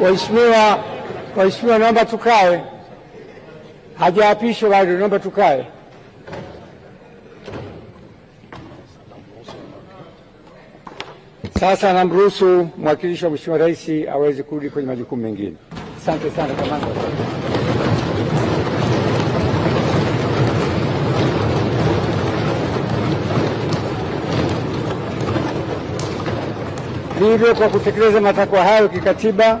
Waheshimiwa, waheshimiwa, naomba tukae. Hajaapishwa bado, naomba tukae. Sasa namruhusu mwakilishi wa Mheshimiwa Rais aweze kurudi kwenye majukumu mengine. Asante sana kamanda. Hivyo, kwa kutekeleza matakwa hayo kikatiba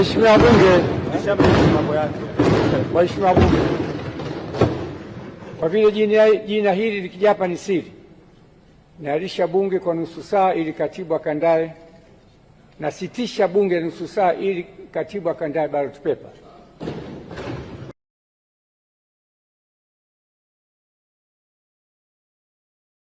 Mheshimiwa Bunge, Mheshimiwa Bunge, kwa vile jina, jina hili likijapa ni siri, naalisha Bunge kwa nusu saa ili katibu akandae, nasitisha Bunge nusu saa ili katibu akandae ballot paper.